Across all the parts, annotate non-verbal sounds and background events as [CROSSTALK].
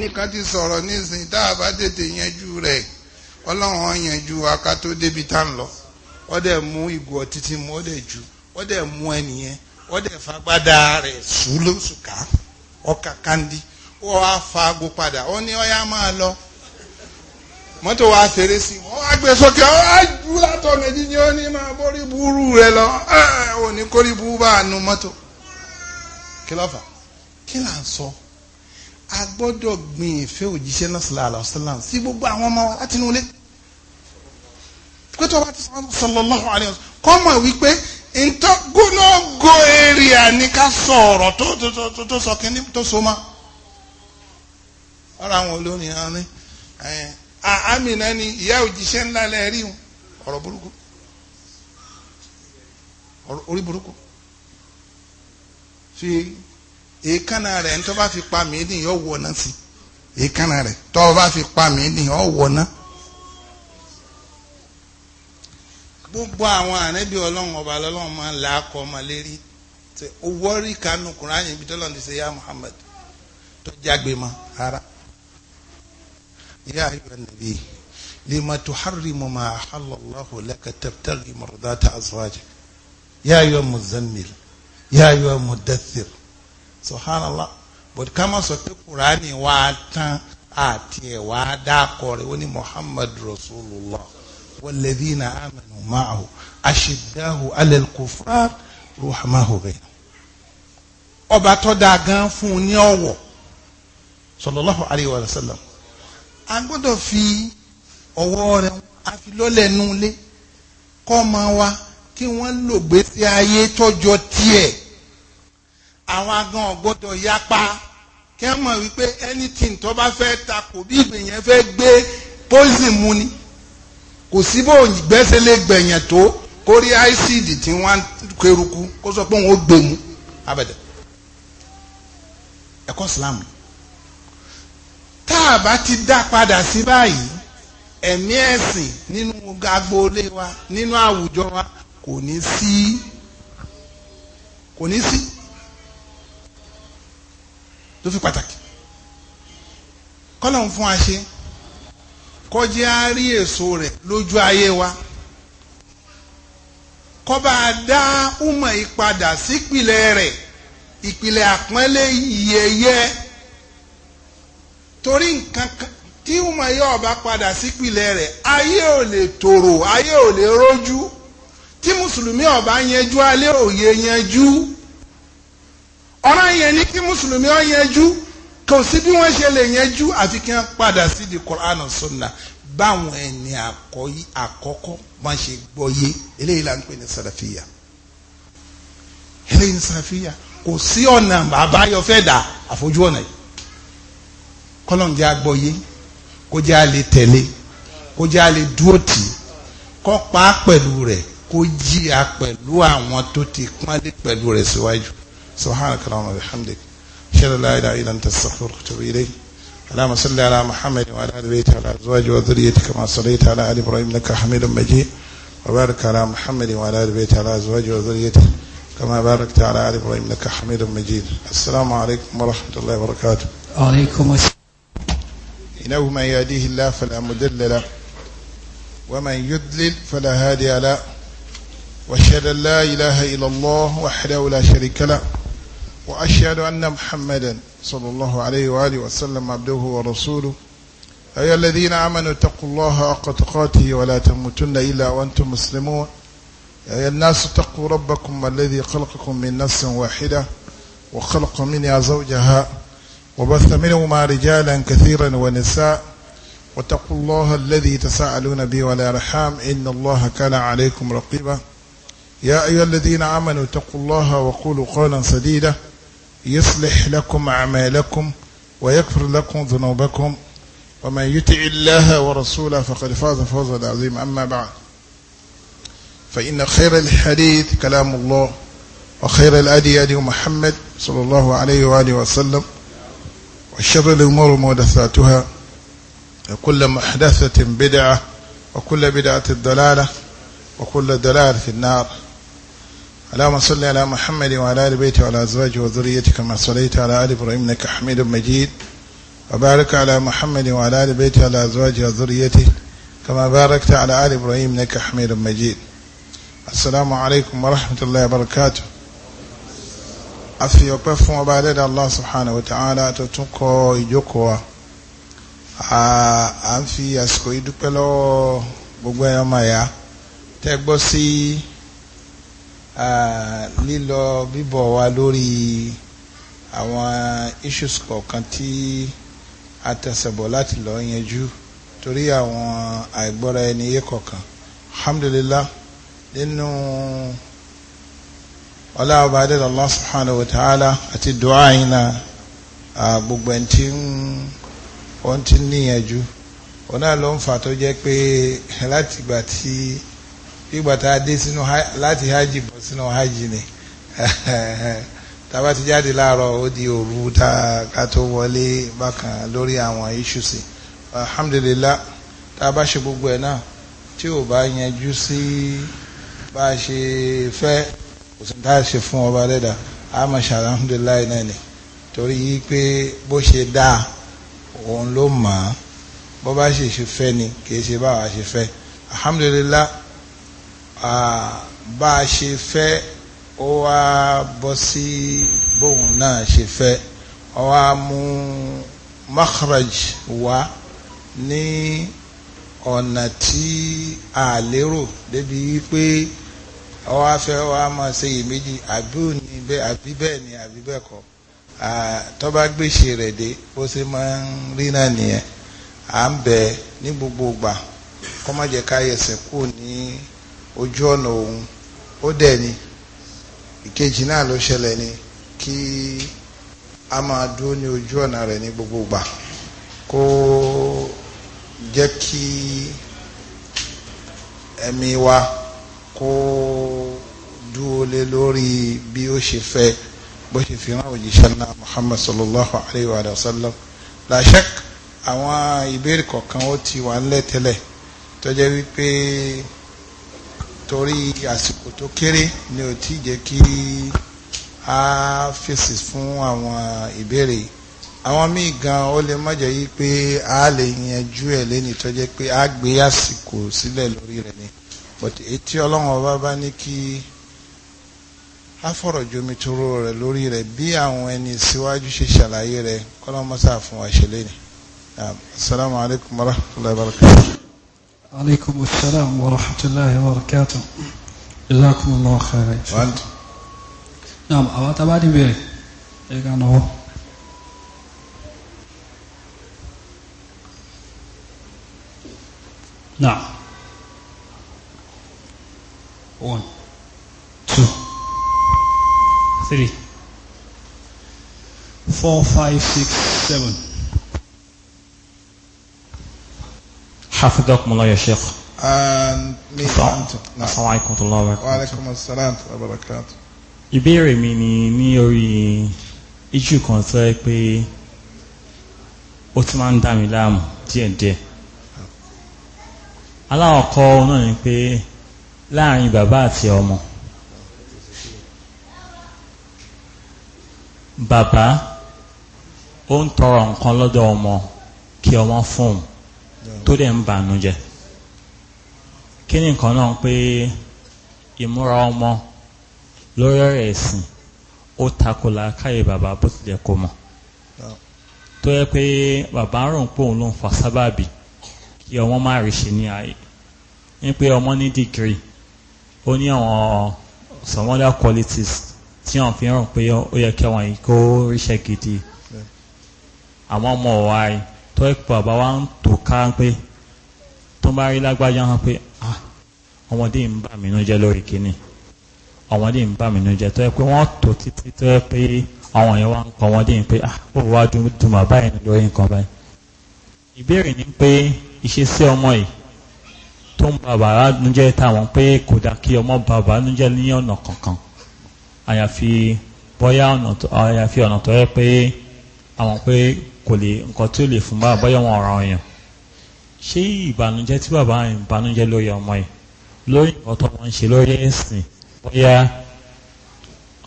nìkan ti sọ̀rọ̀ nísìnyí tá a bá tètè yanjú rẹ̀ ọlọ́run yanjú wa ká tó débi tá ń lọ ó dẹ̀ mú ìgò ọtí tí mu ó dẹ̀ jù ó dẹ̀ mú ẹnìyẹn ó dẹ̀ fagbádá rẹ̀ sùn lóṣùká ọkà kandi ó wá faago padà ó ní ọyá máa lọ mọ́tò wa ṣeré sí wọ́n wá gbé sókè ó wá látọ̀ méjì ni ó ní máa borí burú rẹ̀ lọ ẹ̀ ò ní kórí burú bá a nu mọ́tò kí ló kí là ń sọ. So? a gbọ́dọ̀ gbìn ìfẹ́ òjíṣẹ́ náà sallallahu alaihi wasallam sí gbogbo àwọn ọmọ wa láti inú ilé pété ọba ti sallallahu alaihi wasallam kọ́ mọ̀ wípé ntọ́ gúnlọ́gọ́ èrìà ní ká sọ ọ̀rọ̀ tó sọ kínní tó so ma ọ̀rọ̀ àwọn olórin yẹn ni àmìnà ni ìyá òjíṣẹ́ ńlá lẹ́ẹ̀rí ọ̀rọ̀ burúkú orí burúkú fi èékánná rẹ̀ ní tó bá fi pa mí ní yọ wọ̀ náà sí èékánná rẹ̀ tó bá fi pa mí ní yọ wọ̀ náà. gbogbo àwọn ànábì ọlọ́run ọba lọ́lọ́run máa ń là á kọ́ ọmọ lérí owó rí kánú kùnrin ibi tó lọ́n ti ṣe ya Muhammad tó jágbe mọ́ ara. ya ayyuhan nabi lima tuharrimu ma ahallallahu laka tabtaghi mardata azwajik ya ayyuhal muzammil ya ayyuhal mudaththir subhanallah but ká má sọ pé kùránì wá tán àti ẹ̀ wá dákọ̀ rẹ̀ ó ní muhammad rasulullah walladhina amanu ma'ahu ashiddahu ala al-kuffar ruhamahu bainahum ọba tó dáa gan fún un ní ọ̀wọ̀ sallallahu alayhi wa a gbọ́dọ̀ fi ọwọ́ rẹ̀ afilọ́lẹ̀ nulẹ̀ kọ́ ma wa kí wọ́n lògbé ayé tọ́jọ́ tiẹ̀ àwọn agan ọ̀gbọ́dọ̀ yapa kí wọ́n mọ̀ wípé anything tó bá fẹ́ takò bí ìgbìyàn fẹ́ gbé poison mu ni kò sí bó gbẹ́sẹ̀ lè gbẹ̀yàn tó kó rí áìsíìdì tí wọ́n kéruku kó sọ pé òun ó gbé mu abẹ́dẹ̀ ẹ̀kọ́ Islam tá a bá ti dá padà sí báyìí ẹ̀mí ẹ̀sìn nínú agboolé wa nínú àwùjọ wa kò ní sí kò ní sí tó fi pàtàkì kọ́lọ̀ ń fún wa ṣe kọjá á rí èso rẹ̀ lójú ayé wa kọ́ba dá úmọ̀ ìpadà sípìlẹ̀ rẹ̀ ìpìlẹ̀ àpọ́nlé yẹyẹ torí nǹkan tí úmọ̀ yóò bá padà sípìlẹ̀ rẹ̀ ayé ò lè tòrò ayé ò lè rójú tí mùsùlùmí ọba yanjú alẹ́ òye yanjú ọ̀ràn yẹn ní kí mùsùlùmí ọ̀ yẹjú kò sí bí wọ́n ṣe lè yẹjú àfi kí wọ́n padà sí di Quran and Sunnah báwọn ẹni àkọ́kọ́ wọ́n ṣe gbọ́yé eléyìí là ń pè ní sàràfíà eléyìí ní sàràfíà kò sí ọ̀nà àbáyọ fẹ́ dà àfojú ọ̀nà yìí kọ́lọ́n jẹ́ agbọ́yé kó jẹ́ a tẹ̀lé kó jẹ́ a dúró tì í kọ́ pa pẹ̀lú rẹ̀ kó jíya pẹ̀lú àwọn tó ti pọ́nlé pẹ̀lú rẹ̀ síwájú. سبحانك اللهم وبحمدك اشهد ان لا اله الا انت استغفرك واتوب اليك اللهم صل على محمد وعلى ال بيته وعلى ازواجه وذريته كما صليت على ال ابراهيم انك حميد مجيد وبارك على محمد وعلى ال بيته وعلى ازواجه وذريته كما باركت على ال ابراهيم انك حميد مجيد السلام عليكم ورحمه الله وبركاته وعليكم السلام انه من يهديه الله فلا مضل له ومن يضلل فلا هادي له واشهد ان لا اله الا الله وحده لا شريك له وأشهد أن محمدا صلى الله عليه وآله وسلم عبده ورسوله أيها الذين آمنوا اتقوا الله حق تقاته ولا تموتن إلا وأنتم مسلمون أيها الناس اتقوا ربكم الذي خلقكم من نفس واحدة وخلق منها زوجها وبث منهما رجالا كثيرا ونساء واتقوا الله الذي تساءلون به والأرحام إن الله كان عليكم رقيبا يا أيها الذين آمنوا اتقوا الله وقولوا قولا سديدا يصلح لكم أعمالكم ويغفر لكم ذنوبكم ومن يطع الله ورسوله فقد فاز فوزا عظيما أما بعد فإن خير الحديث كلام الله وخير الأدي أدي محمد صلى الله عليه وآله وسلم وشر الأمور محدثاتها وكل محدثة بدعة وكل بدعة ضلالة وكل دلالة في النار اللهم صل على محمد وعلى ال بيته وعلى ازواجه وذريته كما صليت على ال ابراهيم انك حميد مجيد وبارك على محمد وعلى ال بيته وعلى ازواجه وذريته كما باركت على ال ابراهيم انك حميد مجيد السلام عليكم ورحمه الله وبركاته afi ọpẹ́ fún ọba adẹ́dà allah subhanahu wa ta'ala tó tún kọ ìjókòó wa lílọ bíbọ̀ wa lórí àwọn issues kọ̀ọ̀kan tí a tẹ̀sẹ̀bọ̀ láti lọ yanjú torí àwọn àìgbọ́ra ẹni yé kọ̀ọ̀kan alhamdulillah nínú ọlá ọba Allah subhanahu wa ta'ala àti dùá yìí na gbogbo ẹni tí wọ́n ti níyànjú ọ̀nà ló ń fà tó jẹ́ pé láti gbà tí ìgbà tá a dé sínú láti hajj bọ̀ sínú hajj ni [LAUGHS] tàbá ti jáde láàárọ̀ ó di òru tá a tó wọlé bákan lórí àwọn ìṣùsì alhamdulillah tá a bá ṣe gbogbo ẹ̀ náà tí ò bá yanjú sí bá a ṣe fẹ́ kò sí tá a ṣe fún ọba dẹ́dà a mọ̀ ṣe alhamdulillah náà ni torí pé bó ṣe dáa òun ló mọ̀ ọ́ bó bá ṣe ṣe fẹ́ ni kì í ṣe báwa ṣe fẹ́ alhamdulillah. bá a ṣe fẹ́ ó wá bọ́ sí bóun náà ṣe fẹ́ ó wá mú makhraj wá ní a lérò débi wípé ó wá fẹ́ wá máa ṣe iyèméjì àbí bẹ́ẹ̀ ni àbí bẹ́ẹ̀ kọ́ tó bá gbèsè rẹ̀ dé bó ṣe máa ń rí náà nìyẹn à ń bẹ ní gbogbo ìgbà kó má jẹ́ ká yẹsẹ̀ kú ní. ojú ọ̀nà òun ó dẹ̀ ni ìkejì náà ló ṣẹlẹ̀ ni kí a máa dúró ní ojú ọ̀nà rẹ̀ ní gbogbo ìgbà kó jẹ́ kí ẹ̀mí wa kó dúró lé lórí bí ó ṣe fẹ́ bó ṣe fi rán òjíṣẹ́ náà Muhammad sallallahu alayhi wa sallam làṣẹ́k àwọn ìbéèrè kọ̀ọ̀kan ó ti wà ń lẹ́tẹ̀lẹ̀ tó wípé torí àsìkò tó kéré ni ò tí jẹ́ kí a fèsì fún àwọn ìbéèrè àwọn míì gan ó lè má jẹ́ yí pé a lè yanjú ẹ̀ lẹ́ni tó jẹ́ pé a gbé àsìkò sílẹ̀ lórí rẹ̀ ni but etí ọlọ́run ọba bá ní kí a fọ̀rọ̀ jomi toro rẹ̀ lórí rẹ̀ bí àwọn ẹni síwájú ṣe ṣàlàyé rẹ̀ kọ́lọ́mọ́sá fún wa ṣe lẹ́ni. asalaamualeykum warahmatulahi wabarakatuh. عليكم السلام ورحمة الله وبركاته جزاكم الله خيرا وأنت نعم أوات أبادي بيري إيه نعم one two three four five six seven Hafidhakumullah ya Sheikh. Assalamualaikum warahmatullahi wabarakatuh. الله alaikum وعليكم السلام وبركاته. Ìbéèrè mi ni ní orí iṣu kan tó yẹ pé ó ti máa ń dá mi láàmú díẹ̀díẹ̀. Aláwọ̀kọ́ náà ni pé láàrin bàbá àti ọmọ. Bàbá ó ń tọrọ nǹkan lọ́dọ̀ ọmọ kí ọmọ fún un tó dẹ̀ ń bànú jẹ́ kí ni nǹkan náà pé ìmúra ọmọ lórí ọ̀rọ̀ ẹ̀sìn ó takola káyè bàbá bó tilẹ̀ kó mọ̀ tó yẹ pé bàbá ń rùn pé òun ló ń fa sábàbí kí ọmọ má rí ṣe ní ayé ní pé ọmọ ní dìgírì ó ní àwọn some other qualities tí wọ́n fi hàn pé ó yẹ kí àwọn yìí kó ríṣẹ́ gidi àmọ́ ọmọ ọ̀wá yìí tó ẹ̀pọ̀ àbá wa ń tò ká pé tó bá rí lágbájá hàn pé ọmọdé ń bà mí nújẹ́ lórí kínní ọmọdé ń bà mí nújẹ́ tó ẹ̀ pé wọ́n tò títí tó ẹ̀ pé àwọn yẹn wá ń kọ ọmọdé ń pé ó wá dùnmọ̀ báyìí lórí nǹkan báyìí. ìbéèrè ni pé ìṣesí ọmọ yìí tó ń ba bàbá nújẹ́ táwọn pé kò dá kí ọmọ bàbá nújẹ́ ní ọ̀nà kankan àyàfi bóyá ọ̀nà tó yẹ pé àwọn pé kò lè nǹkan tí ó lè fún báyà báyà wọn ọ̀ràn èèyàn ṣé ìbànújẹ́ tí bàbá ìbànújẹ́ lórí ọmọ yìí lórí nǹkan tó wọ́n ń ṣe lórí ẹ̀sìn bóyá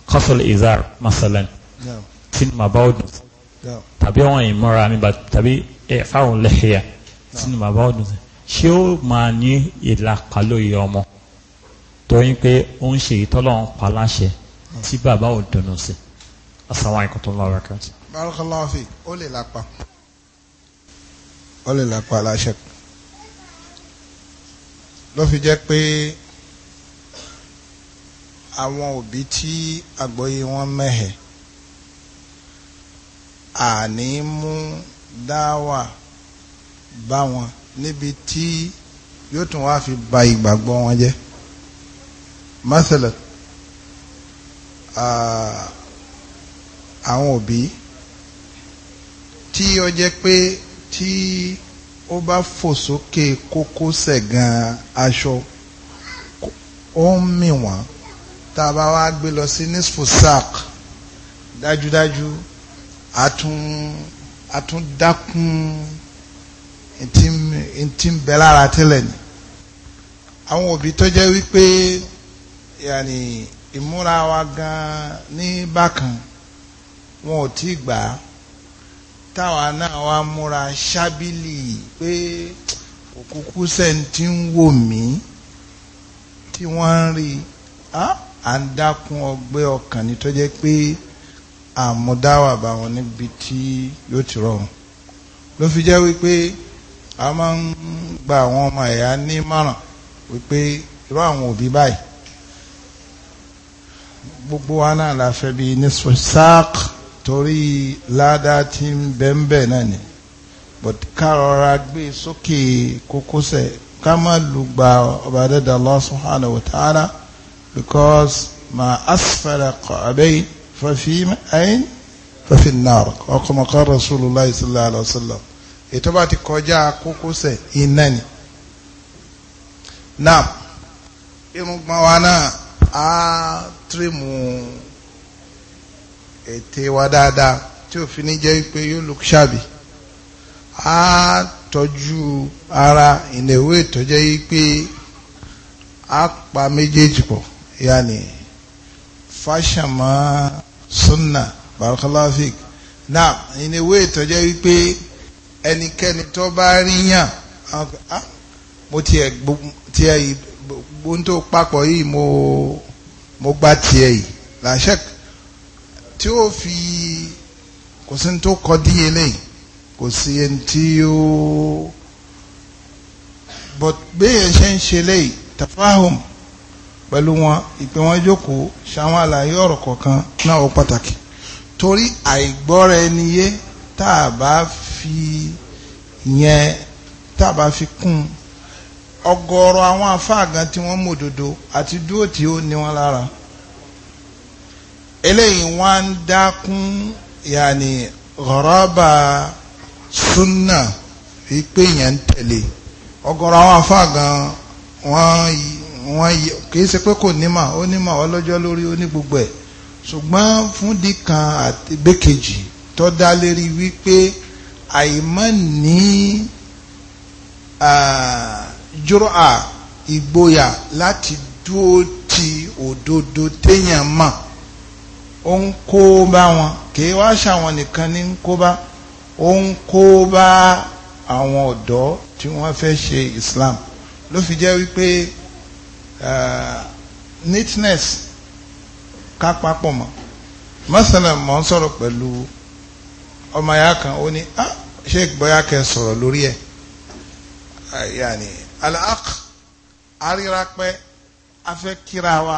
kọ́sọ̀lù izar masalan tí ni màbá ó dùn tàbí àwọn ìmọ̀ra tàbí eh, fáwọn lẹ́hìá tí ni màbá ó dùn ṣé ó máa ní ìlàkà lórí ọmọ torí pé ó ń ṣe ìtọ́lọ́run pa láṣẹ tí bàbá ò dùnú sí. Assalamu alaikum warahmatullahi wabarakatuh barakallahu fi ó lè lápá ó lè lápá láṣẹ ló fi jẹ́ pé àwọn òbí tí àgbọ́yé wọn mẹ́hẹ̀ àní mú dáwà bá wọn níbi tí yóò tún wá fi ba ìgbàgbọ́ wọn jẹ́ masalat àwọn òbí tí ó jẹ́ pé tí ó bá fò sókè kókósẹ̀ gan aṣọ ó ń mì wọ́n tá a bá wá gbé lọ sí nisfu sac dájúdájú atún atún ntí ń bẹ lára tẹ́lẹ̀ ni àwọn òbí tó jẹ́ wípé yàní ìmúra wa gan ní bákan wọn ò tí gbà á táwa náà wá múra ṣábìlì pé òkúkú sẹ́ńtì ń wò mí tí wọ́n ń rí à ń dákun ọgbẹ́ ọkàn ní tó jẹ́ pé àmúdáwà bá wọn níbi tí yóò ti rọrùn ló fi jẹ́ wípé a máa ń gba àwọn ọmọ ẹ̀yà ní márùn wípé irú àwọn òbí báyìí gbogbo wa náà la fẹ́ bí ní torí ládàá tí ń bẹ́ńbẹ́ náà ni but ká rọra gbé sókè kókósẹ̀ ká má lùgbà ọba dẹ́dà Allah subhanahu wa because ma asfala qa'abayn fa fi ayn fa fi an-nar kama qala Rasulullah sallallahu alaihi wasallam ètò bá ti kọjá kókósẹ̀ iná ni náà irùngbọ̀n wa náà á tírìmù ète wa dáadáa tí ò fi ní jẹ́ pé yóò look shabby á tọ́jú ara ìnáwó ìtọ́jẹ́ yìí pé á pa méjèèjì pọ̀ yáni fashion mọ́ sunna barakalafik náà ìnáwó ìtọ́jẹ́ yìí pé ẹnikẹ́ni tó bá rí yàn ah, mo tiẹ̀ tiẹ̀ yìí gbóńtò papọ̀ yìí mo mo gbá tiẹ̀ yìí làṣẹ́kù tí ó fi kò sí tó kọ díyelé kò sí ẹni ó but béèyàn ṣe ń ṣe léyìí tafahum pẹ̀lú wọn ìpè wọn jókòó ṣàwọn àlàyé ọ̀rọ̀ kọ̀ọ̀kan náà ó pàtàkì torí àìgbọ́ra ẹni yé tá a bá fi yẹn tá a bá fi kún ọ̀gọ̀rọ̀ àwọn afáàgán tí wọ́n mọ̀ òdodo àti dúró tí ó ní wọn lára eléyìí wọ́n ń dákún yàní gharaba súnà wípé yẹn ń tẹ̀lé ọ̀gọ̀rọ̀ àwọn afá gan wọ́n wọ́n kìí ṣe pé kò nímọ̀ ó nímọ̀ ọlọ́jọ́ lórí ó ní gbogbo ẹ̀ ṣùgbọ́n fúndì kan àti gbẹ́kejì tó dá lérí wípé àìmọ́ ní jùrọ̀ ìgboyà láti dúó ti òdodo téèyàn mọ̀ ó ń kó bá wọn kì í wá ṣàwọn nìkan ní ń kó bá ó ń kó bá àwọn ọ̀dọ́ tí wọ́n fẹ́ ṣe Islam ló fi jẹ́ wípé neatness ká papọ̀ mọ́ mọ́sálà mọ́ sọ̀rọ̀ pẹ̀lú ọmọ ya kan ó ní ah sheik bóyá kẹ́ sọ̀rọ̀ lórí ẹ̀ yaani alaak arira pẹ́ afẹ́ kíra wa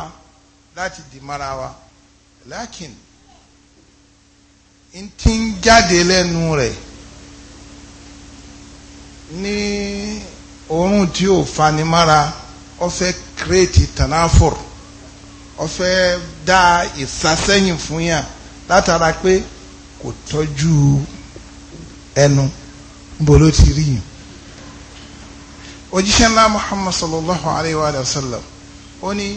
láti dì wa lakin n ti ń jáde lẹ́nu rẹ̀ ní òórùn tí ò fanimára ó fẹ́ kírètì tanáfòr ó fẹ́ dá ìsásẹ́yìn fún yàn látara pé kò tọ́jú ẹnu níbo ti rí yìí òjíṣẹ́ ńlá muhammad sallallahu alayhi wa sallam ó ní.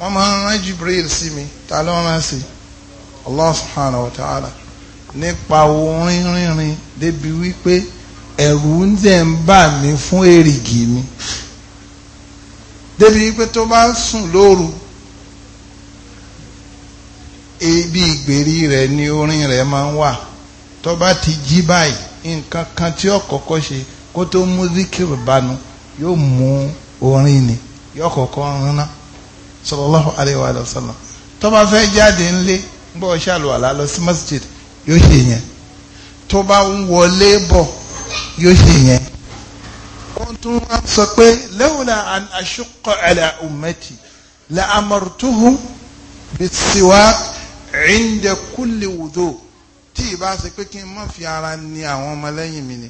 wọ́n máa ń rán Jibril sí mi ta ló rán sí Allah subhanahu wa ta'ala nípa orin rínrin débi wípé ẹ̀rù ń dẹ̀ ń bà mí fún èrìgì mi débi wípé tó bá ń sùn lóru ibi ìgbèrí rẹ̀ ni orin rẹ̀ máa ń wà tó bá ti jí báyìí nǹkan kan tí ó kọ́kọ́ ṣe kó tó mú zikiru banu yóò mú orin ni yóò kọ́kọ́ rán náà. sallallahu alayhi wa sallam tó bá fẹ́ jáde ńlé bọ́ ọ ṣàlùwàlá lọ sí masjid yóò ṣe yẹn tó bá ń wọlé bọ̀ yóò ṣe yẹn wọ́n tún wá sọ pé lawla an ashqa ala ummati la amartuhum bisiwak inda kulli wudu tí ìbá ṣe pé kí n má fi ara ni àwọn ọmọlẹ́yìn mi ni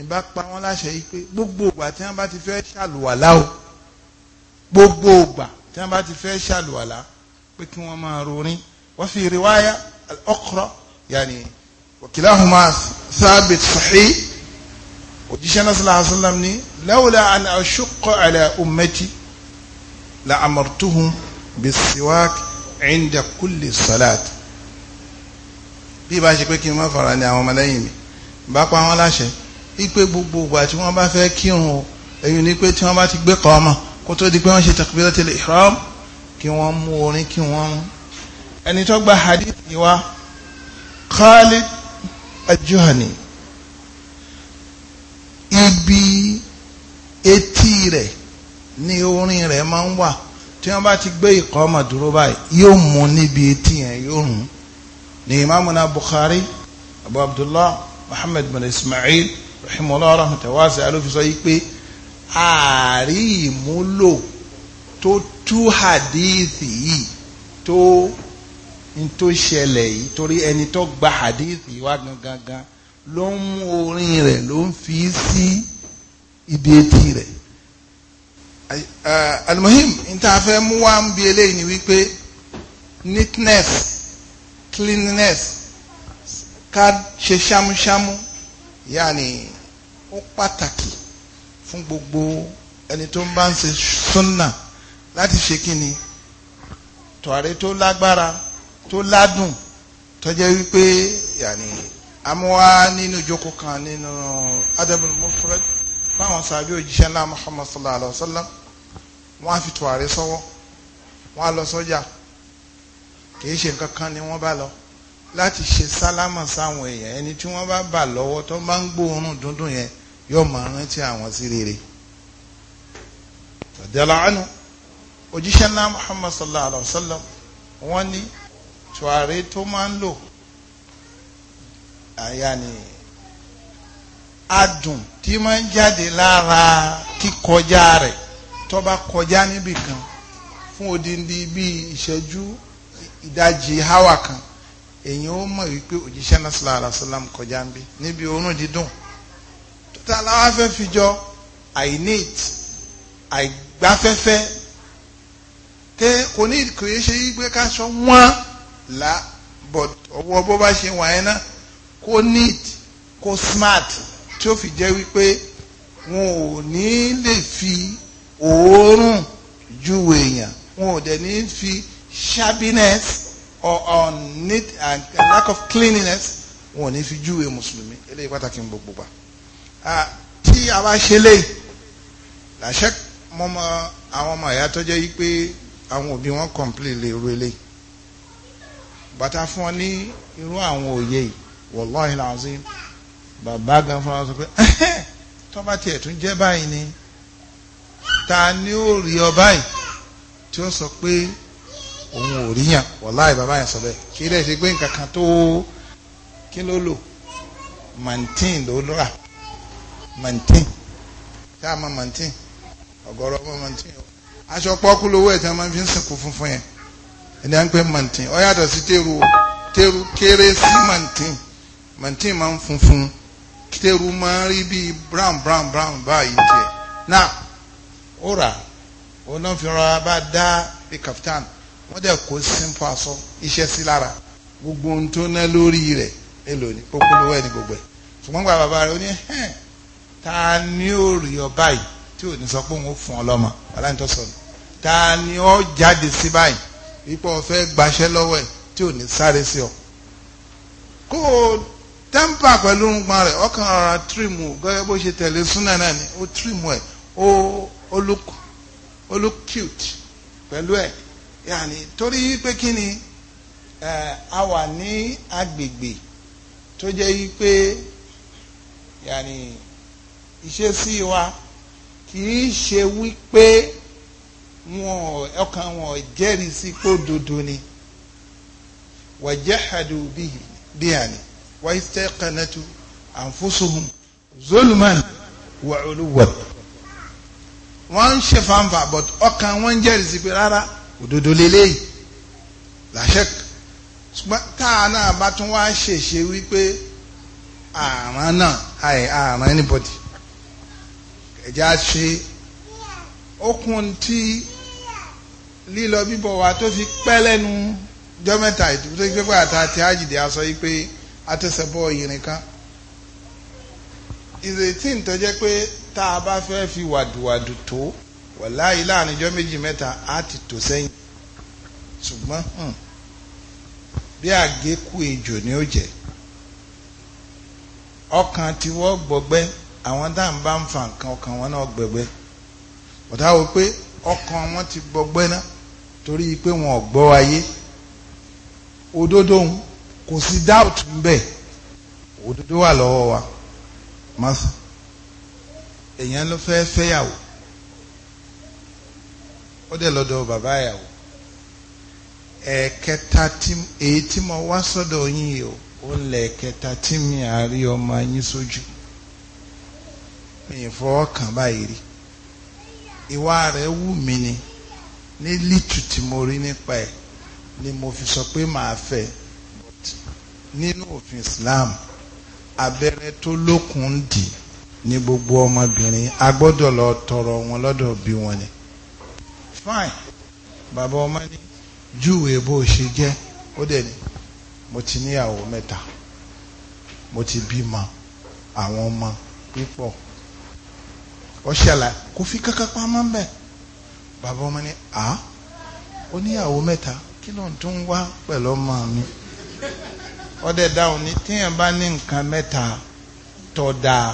ìbá pa wọ́n láṣẹ yìí pé gbogbo ìgbà tí wọ́n bá ti fẹ́ ṣàlùwàlá o gbogbo ìgbà tí wọ́n bá ti fẹ́ ṣàlùwàlà pé kí wọ́n máa rorin wọ́n fi riwaya al-ukhra yàní wakilahuma sábẹ̀ sahih òjíṣẹ́ náà sallallahu alayhi wa sallam ni lawla an ashqa ala ummati la amartuhum bisiwak inda kulli salat bí bá ṣe pé kí n má fara ní àwọn ọmọlẹ́yìn mi bá pa wọn láṣẹ ipe gbogbo ìgbà tí wọ́n bá fẹ́ kírun o èyí ni pé tí wọ́n bá ti gbé kọ́ ọmọ kó di pé wọ́n ṣe takbiratul ihram kí wọ́n mú orin kí wọ́n mú ẹni tó gba hadith yìí wá Khalid al ibi etí rẹ̀ ní orin rẹ̀ máa ń wà tí wọ́n bá ti gbé ìkọ́ ọmọ dúró báyìí yóò mú níbi etí yẹn yóò rùn ní imamuna Bukhari Abu Abdullah Muhammad bin Ismail rahimahullah rahmatulahi wa sa'alu fi sọ ààrí ìmúlò tó tú hadithi yìí tó n tó ṣẹlẹ̀ yìí torí ẹni tó gba hadithi wá gangan ló ń mú orin rẹ̀ ló ń fi sí ibi etí rẹ̀ almuhim níta fẹ́ mú wá ń bi eléyìí ni wípé neatness cleanliness ká ṣe ṣámúṣámú yáà ni ó pàtàkì fún gbogbo ẹni tó ń bá ń ṣe súnà láti ṣe kíni tọ̀rẹ́ tó lágbára tó ládùn tó jẹ́ wípé yàní amúwá nínú ìjókòó kan nínú adabul mufrad báwọn sàbí òjíṣẹ́ ńlá muhammad sallallahu alayhi wa sallam wọ́n á fi tọ̀rẹ́ sọ́wọ́ wọ́n á lọ sọ́jà kìí ṣe nǹkan kan ni wọ́n bá lọ láti ṣe sálámà sáwọn èèyàn ẹni tí wọ́n bá bà lọ́wọ́ tó bá ń gbóòórùn dúndùn yẹn yóò máa rántí àwọn sí rere ọ̀dẹ́lá ánú òjíṣẹ́ ńlá Muhammad sallallahu alayhi wa sallam wọ́n ní tùwárí tó máa ń lò àyà ni adùn tí máa ń jáde lára kíkọjá rẹ̀ tó bá kọjá níbì kan fún odindi bíi ìṣẹ́jú ìdajì háwà kan èyí ó mọ̀ wípé òjíṣẹ́ ńlá sallallahu alayhi wa sallam kọjá ń bí níbi oorun dídùn tá a la wá fẹ́ fi jọ àìníìt àìgbáfẹ́fẹ́ tẹ kò ní kò yẹ ṣe gbé káṣọ wọ́n la but ọwọ́ bó bá ṣe wà yẹn náà kó neat kó smart tí ó fi jẹ́ wípé wọn ò ní lè fi òórùn ju èèyàn wọn ò dẹ̀ ní fi shabbiness or on neat and lack of cleanliness wọn ò ní fi júwe mùsùlùmí eléyìí pàtàkì ń gbogbo gbà. Ah, tí a bá ṣe lé làṣẹ mọmọ àwọn ọmọ ẹ̀yà tó jẹ́ wípé àwọn òbí wọn complain lè ru eléyìí bàtà fún ọ ní irú àwọn òye yìí wallahi lazim bàbá gan fún ọ sọ pé tó bá tiẹ̀ tún jẹ́ báyìí ni ta ni ó rí ọ báyìí tí ó sọ pé òun ò rí yàn wallahi bàbá yẹn sọ bẹ́ẹ̀ kí lè ṣe pé nǹkan kan tó kí ló lò mantin ló lọ́ra maintain tá a máa maintain ọ̀gọ̀rọ̀ ọmọ maintain o aṣọ pọ́kú lówó ẹ̀ tí wọ́n máa fi ń sìnkú funfun yẹn ẹni à ń pẹ́ maintain ọ yàtọ̀ sí tẹ́rù o kéré sí maintain maintain máa ń funfun tẹ́rù máa ń rí bíi brown brown brown báyìí tiẹ̀ na ó rà ó náà fi rọra bá dá bí kaftan wọ́n dẹ̀ kó simple aṣọ iṣẹ́ sí lára gbogbo ohun tó ná lórí rẹ̀ èlò ní pọ́kú lówó ẹ̀ ní gbogbo ẹ̀ ṣùgbọ́n gba bàbá rẹ̀ ó ní hẹ́ẹ̀ ta ni ó rí ọ báyìí tí ò ní sọ pé òun ó fún ọ lọ́mọ aláǹtọ́ sọ̀rọ̀ ta ni ó jáde sí báyìí wípé o fẹ́ gbaṣẹ́ lọ́wọ́ ẹ̀ tí ò ní sáré sí ọ kó o tẹ́ḿpà pẹ̀lú nǹkan rẹ̀ ọkàn ọ̀ràn tírìmù gẹ́gẹ́ bó ṣe tẹ̀lé súnà náà ni ó tírìmù ẹ̀ ó ó look cute pẹ̀lú ẹ̀ yàní torí pé kí ni a wà ní agbègbè tó jẹ́ wípé yàní. Yani, ìṣesí wa kì í ṣe wípé wọn ọkàn wọn jẹ́rìí sí pé òdodo ni wàjẹ́hàdù bíhàní wàìsẹ́kànnàtù àǹfóṣùhùn zolman wà olúwa wọ́n ń ṣe fanfa but ọkàn wọn ń jẹ́rìí sí pé rárá òdodo lélẹ́yìí làṣẹ ṣùgbọ́n táà náà bá tún wá ṣèṣe wípé àrán náà àrán anybody ẹ̀já ṣe okun tí lílọ bíbọ̀ wa tó fi pẹ́ lẹ́nu jọ́mẹ́ta ìdúró tó fi pẹ́ àti àti àjìdí aṣọ yìí pé atẹ́sẹ̀bọ̀ ìrìn kan ìrètí tó jẹ́ pé tá a bá fẹ́ fi wàdùwàdù tó wàláyé láàrin ijọ́ méjì mẹ́ta á ti tò sẹ́yìn ṣùgbọ́n bí àgékù ejò ni ó jẹ́ ọkàn tiwọ́ gbọgbẹ́ àwọn tá à ń bá ń fa nǹkan ọkàn wọn náà gbẹgbẹ ọ̀tá wo pé ọkàn wọn ti gbọgbẹ ná torí pé wọn ò gbọ́ ayé òdodo ń kò sí doubt ń bẹ̀ òdodo wà lọ́wọ́ wa mọ́sán èèyàn ló fẹ́ fẹ́yàwó ó dẹ̀ lọ́dọ̀ bàbá ìyàwó èyí tí mo wá sọ́dọ̀ yín o ó tí mi àárí mi fọwọ́ kàn báyìí rí ìwà rẹ̀ wù mí ni ní lítù tí mo rí nípa ẹ̀ ni mo fi sọ pé màá fẹ́ nínú òfin Islam abẹ́rẹ́ tó lókun ń dì ní gbogbo ọmọbìnrin a gbọ́dọ̀ lọ tọrọ wọn lọ́dọ̀ bí wọn ni. fine bàbá ọmọ ní júwèé bó ṣe jẹ́ ó dẹ̀ ni mo ti níyàwó mẹ́ta mo ti bímọ àwọn ọmọ pípọ̀ ọ̀ṣẹ́lá kò fi kankan pamọ́ ń bẹ̀ bàbá ọmọ ni à ó níyàwó mẹ́ta kí ló ń tún wá pẹ̀lú ọmọ mi ọdẹ dáhùn ní tíyẹn bá ní nǹkan mẹ́ta tọ́ dáa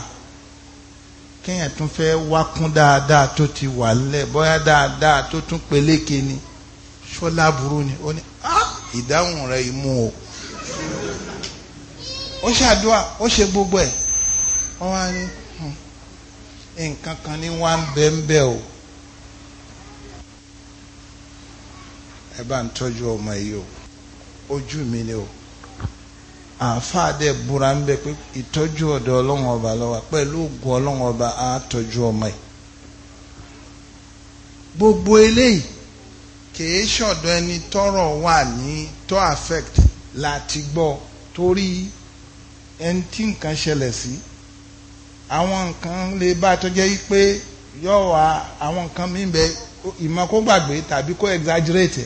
kéèyàn tún fẹ́ wákún dáadáa tó ti wà lẹ̀ bóyá dáadáa tó tún peléke ni ṣọlá burú ni ó ní ìdáhùn rẹ̀ imú o ó ṣàdúrà ó ṣe gbogbo ẹ̀ wọ́n wá ní nǹkan kan ní wá ń bẹ́ ń bẹ́ o ẹ bá ń tọ́jú ọmọ yìí o ojú mi ni o àáfàá dẹ̀ búra ń bẹ pé ìtọ́jú ọ̀dọ̀ ọlọ́run ọba lọ́wọ́ pẹ̀lú ògùn ọlọ́run ọba á tọ́jú ọmọ yìí gbogbo eléyìí kìí ṣọ̀dọ̀ ẹni tọ́rọ̀ wà ní tó affect láti gbọ́ torí ẹni tí nǹkan ṣẹlẹ̀ sí. Si àwọn nǹkan lè bá tó jẹ́ pé yóò wá àwọn nǹkan mí bẹ ìmọ̀ kó gbàgbé tàbí kó exaggerate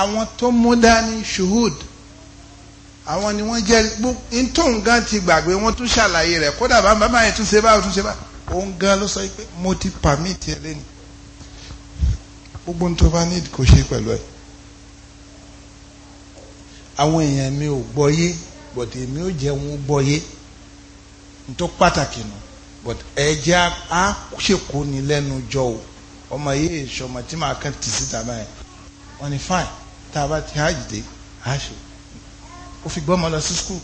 àwọn tó mú dání shuhud àwọn ni wọ́n jẹ́ ntòun gan ti gbàgbé wọ́n tún ṣàlàyé rẹ̀ kódà bá bàbá yẹn tún ṣe báyìí tún ṣe báyìí òun gan ló sọ pé mo ti permit ẹ lẹ́nu gbogbo tó bá ní kò ṣe pẹ̀lú ẹ̀ àwọn èèyàn mi ò gbọ́yé bọ̀dé mi ò jẹ́ wọn gbọ́yé tó pàtàkì nù but ẹ̀jẹ̀ á ṣèkó ni lẹ́nu jọ o ọmọ yìí èso ọmọ tí màá kàn tì síta báyìí wọ́n ní fine tá a bá ti hajj dé a ṣe ó fi gbọ́mọ lọ sí school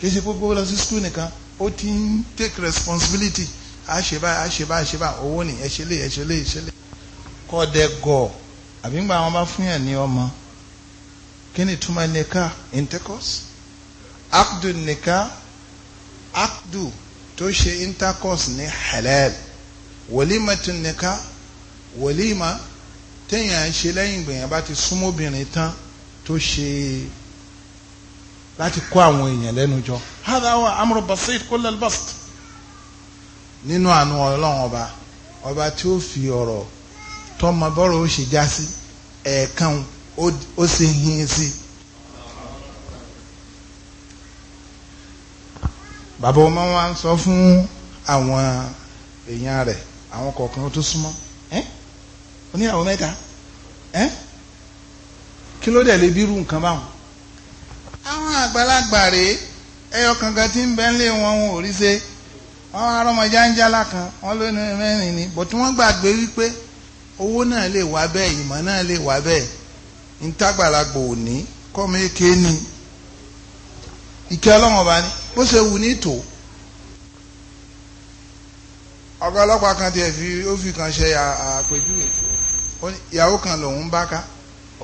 kì gbogbo lọ sí school nìkan ó ti ń take responsibility a ṣe báyìí a ṣe báyìí a ṣe báyìí owó ni ẹ ṣe lé ẹ ṣe lé ẹ ṣe lé kọ́ dẹ gọ̀ àbí ń gba àwọn bá fún yàn ní ọmọ kí ni túmọ̀ nìka intercourse akdu nìka akdu tó ṣe intercourse ní halal walimatun nikah walima téèyàn ṣe lẹ́yìn gbèyàn bá ti súnmọ́bìnrin tán tó ṣe láti kó àwọn èèyàn lẹ́nu jọ hada wa amru basit kull al bast nínú àánú ọlọ́run ọba ọba tí ó fi ọ̀rọ̀ tọmọ bọ́rọ̀ ó ṣe já sí ẹ̀ẹ̀kan ó ṣe hin sí i. bàbá ọmọ wa sọ fún àwọn èèyàn rẹ àwọn kọ̀ọ̀kan tó súnmọ́ oníyàwó mẹ́ta kí ló dẹ̀ lè bírú nǹkan báwọn. àwọn àgbàlagbà rèé ẹyọ kankan tí ń bẹ ń wọn wọn rí ṣe wọn wá rọmọ kan wọn ló ní mẹ́rin ni tí gbàgbé wípé owó náà lè wá náà bó ṣe wù ní tò ọgá ọlọ́pàá kan tiẹ̀ fi ó fi kan ṣe àpèjúwe ìyàwó kan lòun bá ká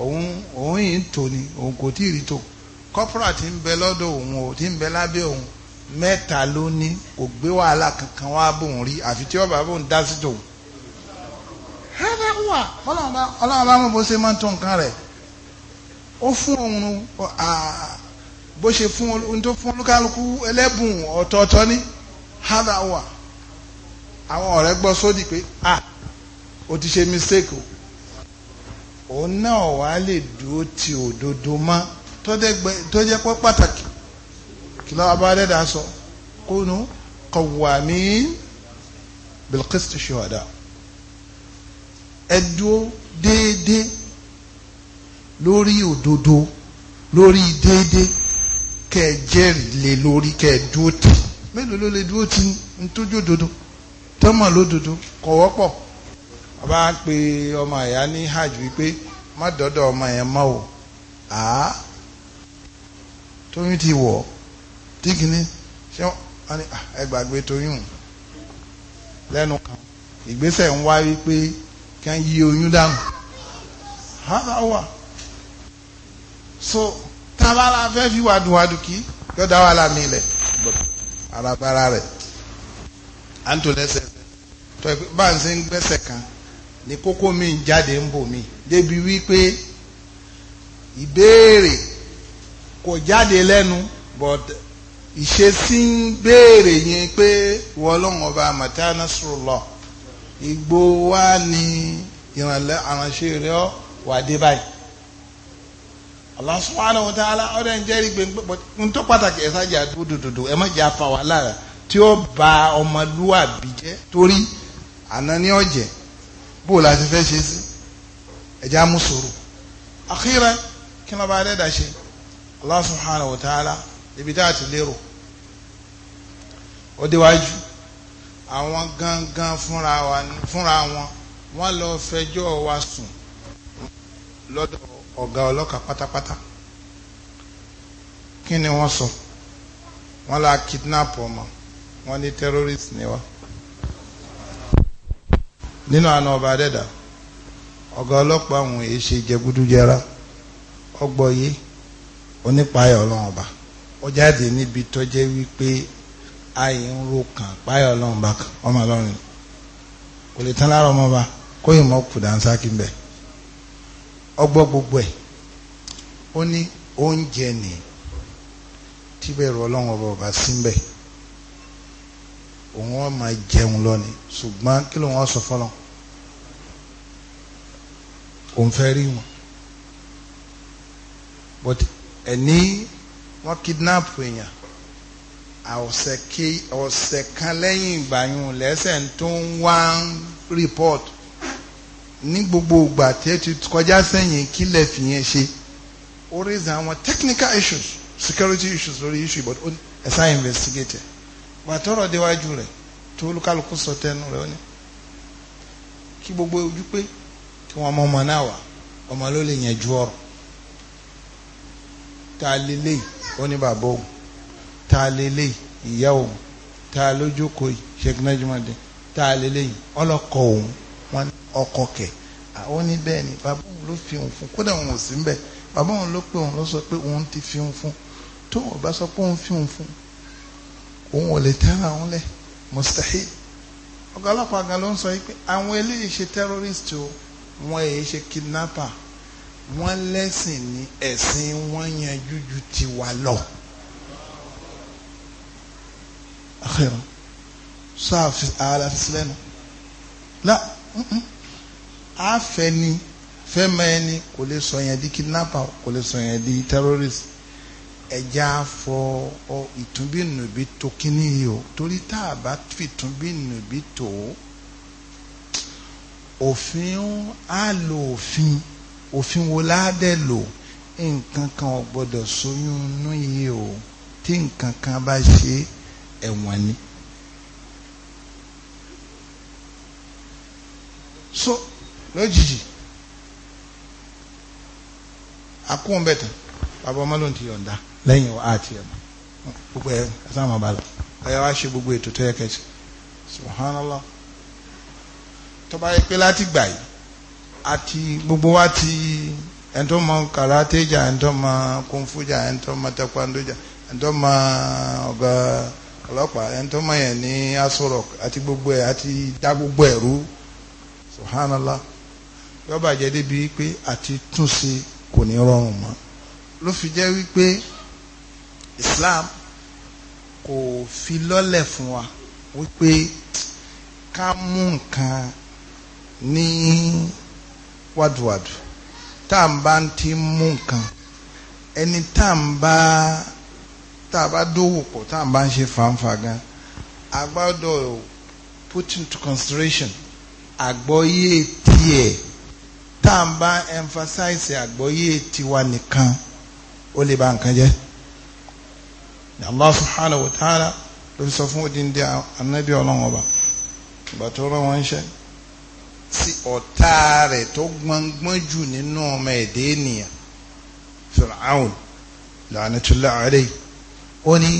òun òun yìí ń tò ni òun kò tí ì rí tò kọ́pùrà tí ń bẹ lọ́dọ̀ òun ò tí ń bẹ lábẹ́ òun mẹ́ta ló ní kò gbé wàhálà kankan wá bóun rí àfi tí ọba bóun dá sí tòun. rárá wà ọlọ́run bá mú bó ṣe máa ń tó nǹkan rẹ̀ ó fún òun bó ṣe fún ohun tó fún olúkálukú ẹlẹ́bùn ọ̀tọ̀ọ̀tọ̀ ní hádà wà àwọn ọ̀rẹ́ gbọ́ sódì pé à ó ti ṣe mistake o òun náà wà á lè dúró ti òdodo mọ́ tó jẹ́ pé pàtàkì kí lọ́wọ́ bá dẹ́dà sọ kúnú kọ̀wàmí bilkist ṣùwádà ẹ dúró déédéé lórí òdodo lórí déédéé kẹ́ ẹ jẹ́rìí lé lórí kẹ́ ẹ dúró tì mélòó ló lè dúró tì ń tójú òdodo tọ́mọ̀ lódodo kọ̀ wọ́pọ̀ a bá pe ọmọ àyà ní hajj wípé má dọ́dọ̀ ọmọ yẹn mọ́ o àá tóyún ti wọ̀ tí kìíní ṣé wọ́n ní ẹ gbàgbé tóyún lẹ́nu kan ìgbésẹ̀ ń wá wípé kí wọ́n yí oyún dànù so tábà la fẹ́ fi wàdùwàdù kí yóò dá wàhálà mi lẹ̀ arabara rẹ̀ à ń tò lẹ́sẹ̀ tó ẹ bá ń ṣe ń gbẹ́sẹ̀ kan ni kókó mi ń jáde ń bò mí débi wípé ìbéèrè kò jáde lẹ́nu but ìṣesí ń béèrè yẹn pé wọlọ́n ọba mọ̀tá nasrullah ìgbó wa ni ìrànlẹ́ àránṣẹ́ rẹ̀ wà dé báyìí. Allah subhanahu wa ta'ala ọ̀dọ̀ ń jẹ́rìí gbẹ̀ngbẹ̀ ń tó pàtàkì ẹ̀sà jẹ́ àdúdòdò ẹ̀ má jẹ́ afa wa lára tí ó ba ọmọlúwàbí jẹ́ torí àná ní ọ̀jẹ̀ bó o la ti fẹ́ ṣe sí ẹ̀jẹ̀ amúsòrò àkírẹ́ kí ló bá dé dà ṣe Allah subhanahu wa ta'ala ibi tá a ti lérò ó déwájú àwọn gangan fúnra wọn wọ́n lọ fẹjọ́ wa sùn lọ́dọ̀ ọ̀gá ọlọ́kàá pátápátá kí ni wọ́n sọ wọ́n la kidnap ọmọ wọ́n ní terrorist ni wá nínú àna ọba adẹ́dà ọ̀gá ọlọ́pàá àwọn èyí ṣe jẹgúdújẹrá ọgbọ̀yé onípayà ọlọ́run ọba ó jáde níbi tọ́jẹ́ jẹ́ wípé ayé ń ro kàn páyà ọlọ́run ọba ọmọ ọlọ́run kò lè tán lára ọmọ ọba kó yìí mọ́ kù dáńsákì bẹ́ẹ̀. ọgbọ́ gbogbo ẹ̀ ó ní oúnjẹ ni tí bẹ́ẹ̀ rọ ọlọ́run ọba ọba síbẹ̀ òun wọn máa jẹun lọ ni ṣùgbọ́n kí ló wọn sọ fọlọ́ òun fẹ́ rí wọn but ẹni wọn kidnap èèyàn ọ̀sẹ̀ kan lẹ́yìn ìgbà yùn lẹ́sẹ̀ tó ń wá report ní gbogbo ìgbà tí ẹ ti kọjá sẹ́yìn kí lẹ fi yẹn ṣe ó raise àwọn technical issues security issues lórí issue but ẹ sá investigate ẹ wàtọ́rọ̀ déwájú rẹ̀ tó olúkálukú sọ tẹnu rẹ̀ ó ní kí gbogbo ojú pé kí wọ́n mọ ọmọ náà wà ọmọ ló lè yẹn ju ọ̀rọ̀ ta lélẹ̀ ó ní bàbá òun ta lélẹ̀ ìyá òun ta lójókòó sheikh najmudin ta lélẹ̀ ọlọ́kọ̀ òun wọn ọkọ kẹ àwọn ní bẹ́ẹ̀ ni bàbá òun ló fi òun fún kódà òun ò sí ń bẹ̀ bàbá òun ló pé òun ló sọ pé òun ti fi òun fún tó òun bá sọ pé òun fi òun fún òun ò lè tẹ́ra òun lẹ̀ mustahil ọ̀gá ọlọ́pàá gan ló ń sọ yìí pé àwọn eléyìí ṣe terrorist o wọ́n èyí ṣe kidnapper wọ́n lẹ́sìn ní ẹ̀sìn wọ́n yanjú ju tiwa lọ. sọ àlàfíìsì lẹ́nu. láà àfẹ́ ni fẹ́mọ ẹni kò lè sọ yẹn di kidnapper kò lè sọ yẹn di terrorist ẹja fọ ọ ìtúnbínúbí tó kíní yìí o torí tá a bá fi ìtúnbínúbí tó òfin á lo òfin òfin wo ládẹ lò nǹkan kan ò gbọdọ̀ sóyún inú yìí o tí nǹkan kan bá ṣe ẹ̀wọ̀n ni. so n'ojiji akwụ bẹ̀tẹ̀ ọmọ ló ń ti wa àti ẹ̀ gbogbo ẹ̀ sáàmù bala ọ̀yà wa ṣe gbogbo ètò tó yẹ kẹ́sì subhanallah tó yẹ pé láti gbà yìí àti gbogbo wa ti ẹni tó karate jà jà taekwondo jà subhanallah yóò bàjẹ́ débi wípé ati túnṣe kò ní rọrùn mọ́ ló fi jẹ́ wípé Islam kò fi lọ́lẹ̀ fún wa wípé ká mú nǹkan ní wàdùwàdù tá à ń bá ti mú nǹkan ẹni tá à ń bá tá a bá dówò pọ̀ tá à ń bá ń ṣe fàǹfà gan a put into consideration àgbọ́yé tiẹ̀ tá à ń bá emphasize àgbọ́yé tiwa nìkan ó lè ba nǹkan jẹ́ Allah subhanahu wa ta'ala lórí sọ fún odindi anabi ọlọ́run ọba ìgbà tó rán wọn ṣẹ́ sí ọ̀tá rẹ̀ tó gbọ́ngbọ́n jù nínú ọmọ ẹ̀dá ènìyàn Fir'aun la'natullah alayhi ó ní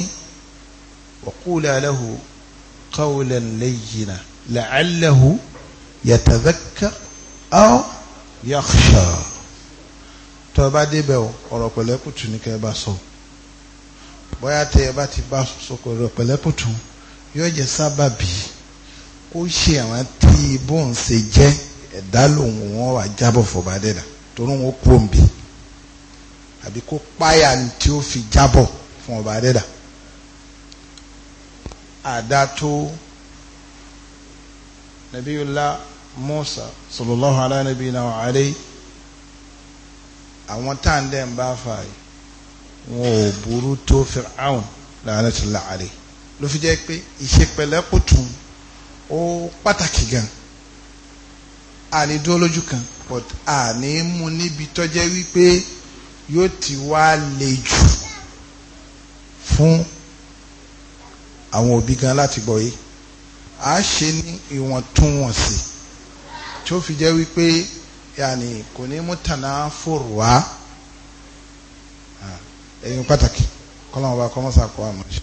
wa qula lahu qawlan layyina la'allahu yatadhakkar aw yakhsha tó o bá débẹ̀ o ọ̀rọ̀ pẹ̀lẹ́kùtù ní kẹ́ ẹ bá sọ bóyá tẹ ẹ bá ti bá sọkọ ọ̀rọ̀ pẹ̀lẹ́kùtù yóò jẹ́ sábàbí kó ṣe àwọn tí bóun ṣe jẹ́ ẹ̀dá lòun wọn wà jábọ̀ fọba dẹ́dà torí wọn kú òǹbí àbí kó páyà tí ó fi jábọ̀ fún ọba dẹ́dà àdá tó nàbíyọ̀lá. Musa sallallahu ala nabiyina wa alayhi àwọn táǹdẹ̀ ń bá fà yìí wọn ò burú tó Fir'aun la'natullah alayhi ló fi jẹ́ pé ìṣepẹ̀lẹ́kùtùn ó pàtàkì gan àní dúró lójú kan but àní mú níbi tọ́jẹ́ wípé yóò ti wá le jù fún àwọn òbí gan láti gbọ́ yìí a ṣe ní ìwọ̀ntúnwọ̀nsì tí ó fi jẹ́ wípé yàní kò ní mú tànà fòrò wá ẹ̀yin pàtàkì kọ́lọ́mù bá kọ́mọ́ sá kó àmọ́ ṣe.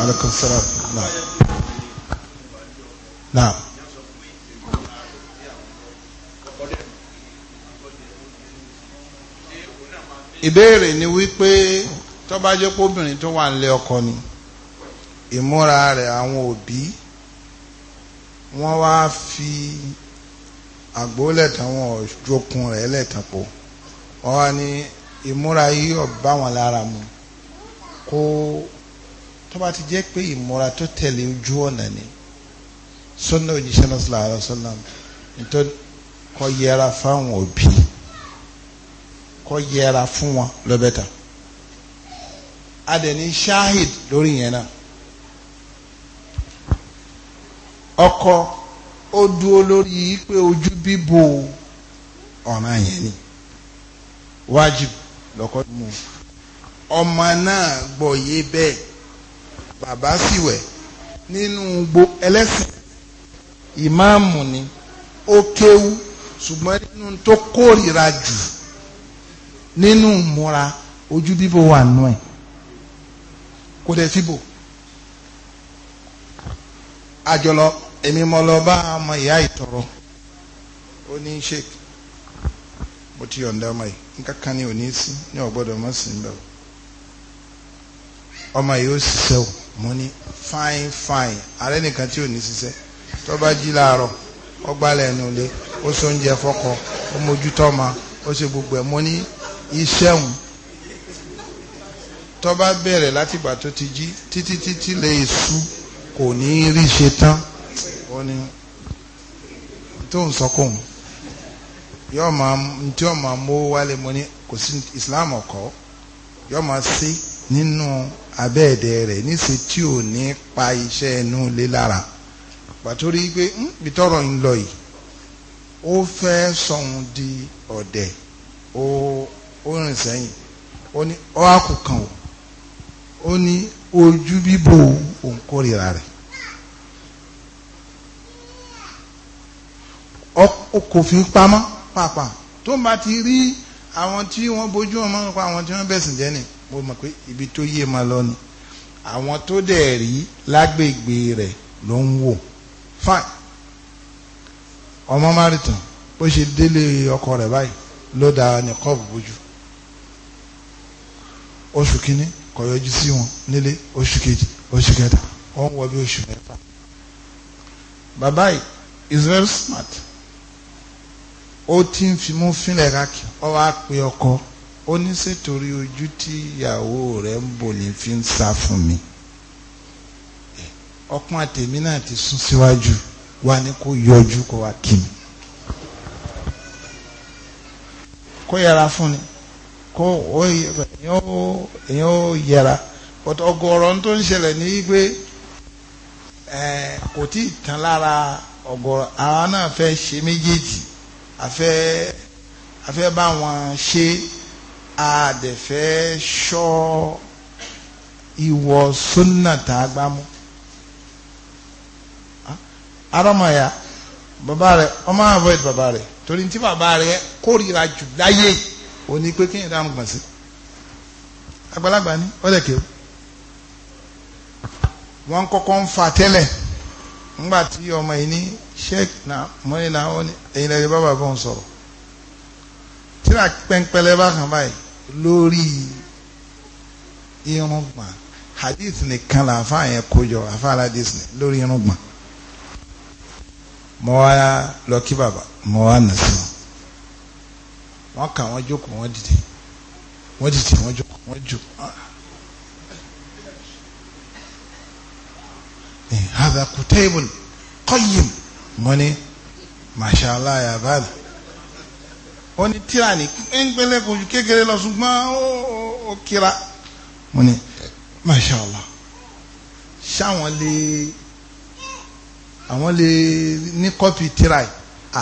alaikum salaam náà. náà. ìbéèrè ni wípé tó bá jẹ́ kóbìnrin tó wà nílé ọkọ ni ìmúra rẹ̀ àwọn òbí wọ́n wá fi àgbò lẹ́tàn wọn ọ̀jọ̀kun rẹ̀ lẹ́tàn pọ̀ wọ́n wá ní ìmúra yìí ọ̀bá wọn lára mu kó tó bá ti jẹ́ pé ìmúra tó tẹ̀lé ojú ọ̀nà ni sunna òjíṣẹ́ náà sallallahu alaihi wasallam nítorí kó yẹra fáwọn òbí kó yẹra fún wọn lọ́bẹ̀tà adẹni shahid lórí yẹn náà ọkọ ó dúró lórí pé ojú bíbò ọ̀ràn yẹn ni wájú lọ́kọ́ mú ọmọ náà gbọ́yé bẹ́ẹ̀ bàbá sì wẹ̀ nínú gbo ẹlẹ́sìn ìmáàmù ni ó kéwú ṣùgbọ́n nínú tó kórìíra jù nínú múra ojú bíbò wà nù ẹ̀ kò dẹ̀ fíbò àjọlọ èmi mo lọ bá ọmọ ìyá ìtọrọ ó ní sheik bó ti yọ̀ǹda ọmọ yìí nǹkan kan ní òní sí ní ọ̀gbọ́dọ̀ sí ọmọ yìí ó ṣiṣẹ́ o mo ní fine fine ààrẹ nìkan tí ò ní ṣiṣẹ́ tó bá jí láàárọ̀ ó gbálẹ̀ ẹnu ó so oúnjẹ fọ́kọ ó mójútó ọmọ ó ṣe gbogbo ẹ̀ mo ní iṣẹ́ òun tó bá bẹ̀rẹ̀ tó ti jí títí ó ní tó ń sọ kóhùn yóò máa tí yóò máa wálé mo ní kò sí Islam ọkọ yóò máa sí nínú abẹ́ẹ̀dẹ̀ rẹ̀ níṣẹ́ tí ò ní pa iṣẹ́ inú lé lára pàtó rí i pé hm, bitọ́rọ̀ ń lọ yìí ó fẹ́ sọ̀hún di ọ̀dẹ̀ ó ó rìn sẹ́yìn ó ní ọ́ àkùkàn ó ní ojú bíbò òǹkórìíra rẹ̀ kò fi pamọ́ pàápàá tó ń bá ti rí àwọn tí wọ́n bójú ọmọ nípa àwọn tí wọ́n bẹ̀sìn jẹ́ ni mo mọ̀ pé ibi tó yé ma lọ ni àwọn tó dẹ̀ rí lágbègbè rẹ̀ ló ń wò fine ọmọ márìtàn bó ṣe délé ọkọ rẹ̀ báyìí ló da nìkọ́ọ̀bù bójú oṣù kínní kò yọjú sí wọn nílé oṣù kejì oṣù kẹta wọn wọ bí oṣù mẹ́fà bàbá yìí is very smart. ó ti ń fimú fínlẹ̀ káàkiri ọ wá pe ọkọ ó ní sètòrí ojú tí ìyàwó rẹ̀ ń bò fi ń sá fún mi ọkùn àtẹ̀mí náà ti sún síwájú wa ni kó yọjú kó wá kí mi kó yẹra fún ni kó èèyàn ó yẹra but tó ń ṣẹlẹ̀ ní kò tí ì tán lára ọgọrọ náà fẹ́ ṣe afẹ́ afẹ́ bá wọn ṣe àdẹ̀fẹ́ ṣọ́ ìwọ sunnata agbámú arọ́mọ̀ya bàbá rẹ̀ ọmọ avoid bàbá rẹ̀ torí tí bàbá rẹ̀ kórìíra jù láyé ò ní pé kéèyàn dáhùn gbọ̀nsẹ̀ àgbàlagbà ni ó lè kéwù wọ́n kọ́kọ́ ń fa tẹ́lẹ̀ ńgbà tí ọmọ yìí ní sheik na mo ní náà wọn ni ẹ̀yin lẹ́yìn bá bàbá òun sọ̀rọ̀ tíra pẹ́ńpẹ́lẹ́ bá kàn báyìí lórí irùngbọ̀n hadith nìkan la afa yẹn kojọ afa aladis ni lórí irùngbọ̀n mo wá lọ kí bàbá mo wá nà sí wọn wọn kà wọn jókòó wọn dìde wọn dìde wọn jókòó wọn jókòó. هذا قتيب قيم mo ní màṣálá yabal ó ní tíra ní pínpínlẹ̀ kò ju kékeré lọ ṣùgbọ́n ó kíra mo ní màṣálá ṣáwọn lè àwọn lè ní kọ́pì tíra yìí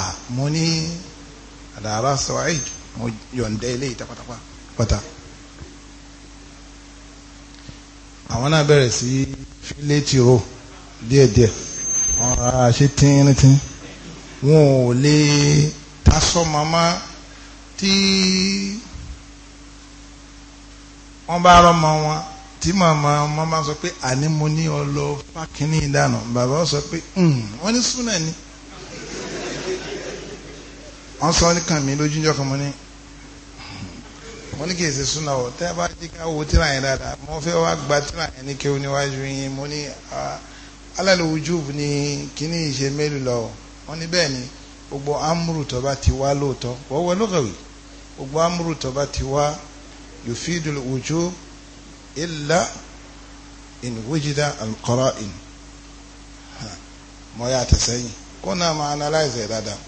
à mo ní àdàrà sọ ẹ́ mo yọ̀ǹdẹ́ eléyìí tapatapa pátá. àwọn náà bẹ̀rẹ̀ sí fi díẹ̀díẹ̀ wọn rárá ṣe tínrín wọn ò lè tasọ màmá tí wọn bá rọmọ wọn tí màmá wọn bá sọ pé àní mo ní ọlọ fákínní ìdáná bàbá sọ pé hmm. wọn ní súnà ni wọn sọ ní kàn mí lójújọ kan mo ní hmm. mo ní kì í ṣe súnà o tẹ́ bá jí ká wo tíra yẹn dáadáa mo fẹ́ wá gba tíra yẹn ní kéwọn níwájú yín mo ní. Uh, alálẹ̀ wujub ni kíní ìṣe mélòó lọ wọn ní bẹ́ẹ̀ ni gbogbo amúrù tó bá ti wá lóòótọ́ wọ́wọ́ lókàwé gbogbo amúrù tó bá ti wá yufidul wujub illa in wujida alqara'in mọ́ yàtọ̀ sẹ́yìn kó náà máa analyze ẹ̀ dáadáa